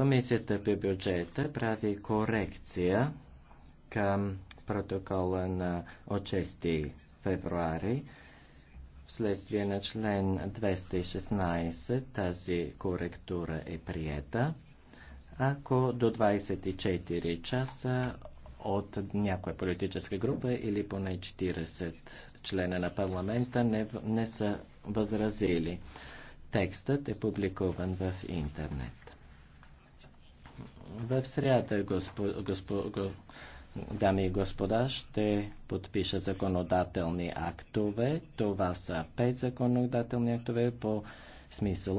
Комисията по бюджета прави корекция към протокола на 6 февруари. Вследствие на член 216 тази коректура е приета. Ако до 24 часа от някоя политическа група или поне 40 члена на парламента не, не са възразили. Текстът е публикуван в интернет. В среда, госпо, госпо, го, дами и господа, ще подпиша законодателни актове. Това са пет законодателни актове по смисъла